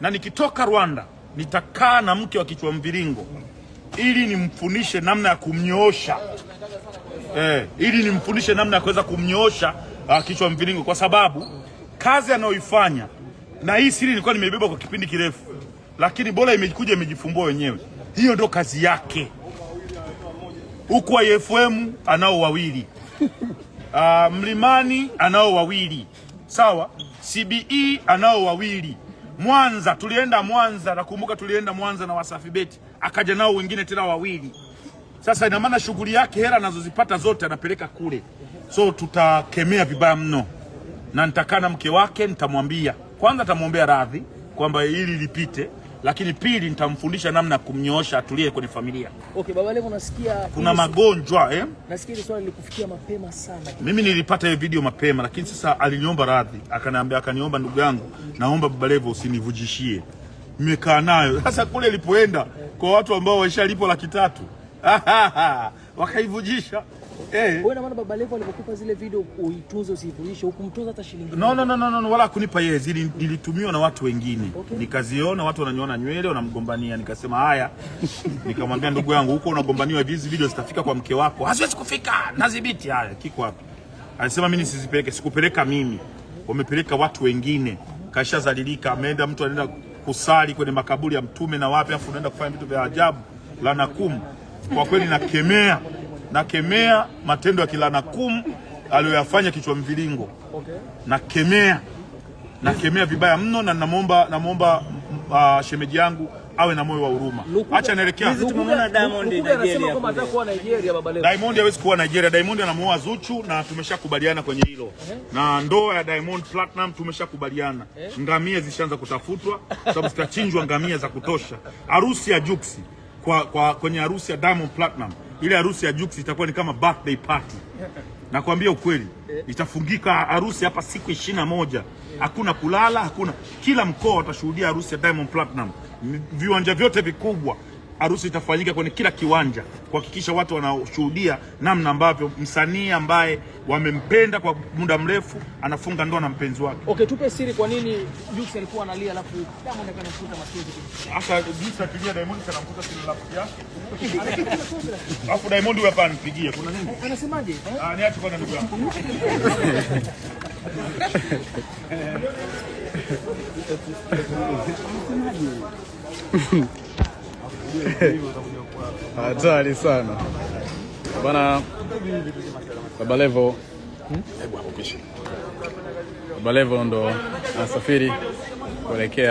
na nikitoka Rwanda nitakaa na mke wa kichwa mviringo ili nimfunishe namna ya kumnyoosha eh, ili nimfunishe namna ya kuweza kumnyoosha uh, kichwa mviringo, kwa sababu kazi anayoifanya. Na hii siri nilikuwa nimeibeba kwa kipindi kirefu, lakini bora imekuja imejifumbua wenyewe. Hiyo ndo kazi yake huku IFM e anao wawili uh, Mlimani anao wawili sawa, CBE anao wawili Mwanza, tulienda Mwanza, nakumbuka tulienda Mwanza na Wasafi Beti, akaja nao wengine tena wawili. Sasa ina maana shughuli yake hela anazozipata zote anapeleka kule, so tutakemea vibaya mno, na nitakaa na mke wake, nitamwambia kwanza, nitamwombea radhi kwamba hili lipite lakini pili nitamfundisha namna ya kumnyoosha atulie kwenye familia. Okay, baba leo unasikia kuna magonjwa eh? Nasikia swali likufikia mapema sana. Mimi nilipata hiyo video mapema, lakini sasa aliniomba radhi, akaniambia akaniomba, ndugu yangu, naomba baba leo usinivujishie, nimekaa nayo sasa kule ilipoenda kwa watu ambao waishalipo laki tatu wakaivujisha eh. Wewe na maana Baba Levo alipokupa zile video uituze usivulishe, hukumtoza hata shilingi. No, no, no, no, no, wala kunipa yeye, zili nilitumiwa na watu wengine okay. Nikaziona watu wananyoona nywele wanamgombania, nikasema haya nikamwambia ndugu yangu, huko unagombaniwa hizi video zitafika kwa mke wako, haziwezi kufika, nadhibiti. Haya kiko wapi? Alisema mimi nisizipeleke, sikupeleka mimi, wamepeleka watu wengine. Kashazalilika, ameenda mtu anaenda kusali kwenye makaburi ya Mtume na wapi, afu unaenda kufanya vitu vya ajabu. Lanakum, kwa kweli nakemea nakemea matendo ya kilana kumu aliyoyafanya kichwa mviringo, nakemea nakemea vibaya mno, na namwomba namwomba uh, shemeji yangu awe na moyo wa huruma. Acha naelekea. Diamond hawezi kuwa Nigeria. Diamond anamuoa Zuchu na tumeshakubaliana kwenye hilo eh? na ndoa ya Diamond Platinum tumeshakubaliana eh? ngamia zishaanza kutafutwa sababu zitachinjwa ngamia za kutosha. Harusi ya Juksi kwa, kwa kwenye harusi ya Diamond Platinum ile harusi ya Jux itakuwa ni kama birthday party. Nakwambia ukweli, eh. itafungika harusi hapa siku ishirini na moja. Eh. Hakuna kulala, hakuna. Kila mkoa atashuhudia harusi ya Diamond Platinum, viwanja vyote vikubwa harusi itafanyika kwenye kila kiwanja kuhakikisha watu wanashuhudia namna ambavyo msanii ambaye wamempenda kwa muda mrefu anafunga ndoa na mpenzi wake. Okay, tupe siri kwa nini Jux alikuwa analia alafu Diamond akanamkuta machozi. Sasa Jux akilia Diamond kanamkuta siri la yake. Alafu Diamond huyo hapa anipigie. Kuna nini? Eh, anasemaje? Eh? Ah, niache kwa ndugu yangu. Anasemaje? hatari sana bana. Baba Levo, hmm? Baba Levo ndo anasafiri kuelekea